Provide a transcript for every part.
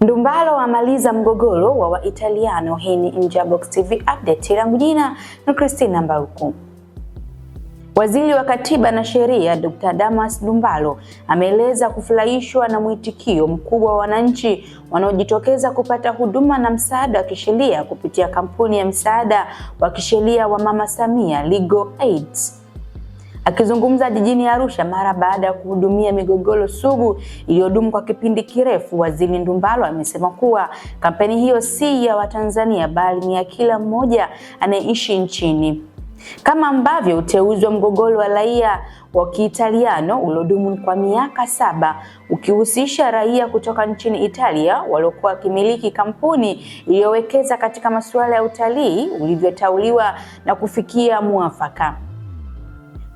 Ndumbalo amaliza mgogoro wa Waitaliano. Hii ni Nje ya Box TV update, langu jina na Christina Mbaruku. Waziri wa Katiba na Sheria Dr. Damas Ndumbalo ameeleza kufurahishwa na mwitikio mkubwa wa wananchi wanaojitokeza kupata huduma na msaada wa kisheria kupitia kampuni ya msaada wa kisheria wa Mama Samia Legal Aid. Akizungumza jijini Arusha mara baada ya kuhudumia migogoro sugu iliyodumu kwa kipindi kirefu, Waziri ndumbalo amesema kuwa kampeni hiyo si ya Watanzania bali ni ya kila mmoja anayeishi nchini kama ambavyo uteuzi wa mgogoro wa raia wa Kiitaliano uliodumu kwa miaka saba ukihusisha raia kutoka nchini Italia waliokuwa wakimiliki kampuni iliyowekeza katika masuala ya utalii ulivyotauliwa na kufikia mwafaka.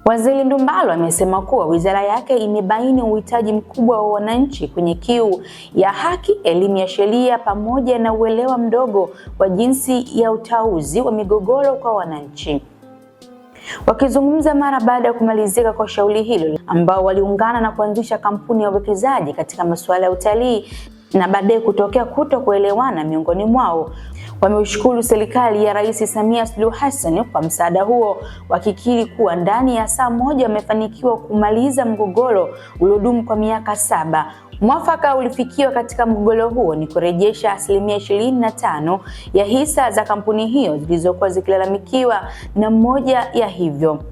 Waziri Ndumbalo amesema kuwa wizara yake imebaini uhitaji mkubwa wa wananchi kwenye kiu ya haki, elimu ya sheria pamoja na uelewa mdogo wa jinsi ya utauzi wa migogoro kwa wananchi. Wakizungumza mara baada ya kumalizika kwa shauri hilo, ambao waliungana na kuanzisha kampuni ya uwekezaji katika masuala ya utalii na baadaye kutokea kuto kuelewana miongoni mwao, wameushukuru serikali ya Rais Samia Suluhu Hassan kwa msaada huo, wakikiri kuwa ndani ya saa moja wamefanikiwa kumaliza mgogoro uliodumu kwa miaka saba. Mwafaka ulifikiwa katika mgogoro huo ni kurejesha asilimia ishirini na tano ya hisa za kampuni hiyo zilizokuwa zikilalamikiwa na moja ya hivyo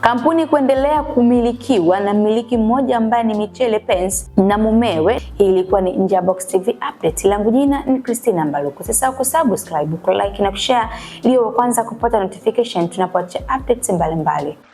Kampuni kuendelea kumilikiwa na mmiliki mmoja ambaye ni michele Pence na mumewe. Hii ilikuwa ni Nje ya Box TV update, langu jina ni Christina Mbaluku. Usisahau kusubscribe, kulike na kushare ili wa kwanza kupata notification tunapoacha updates mbalimbali mbali.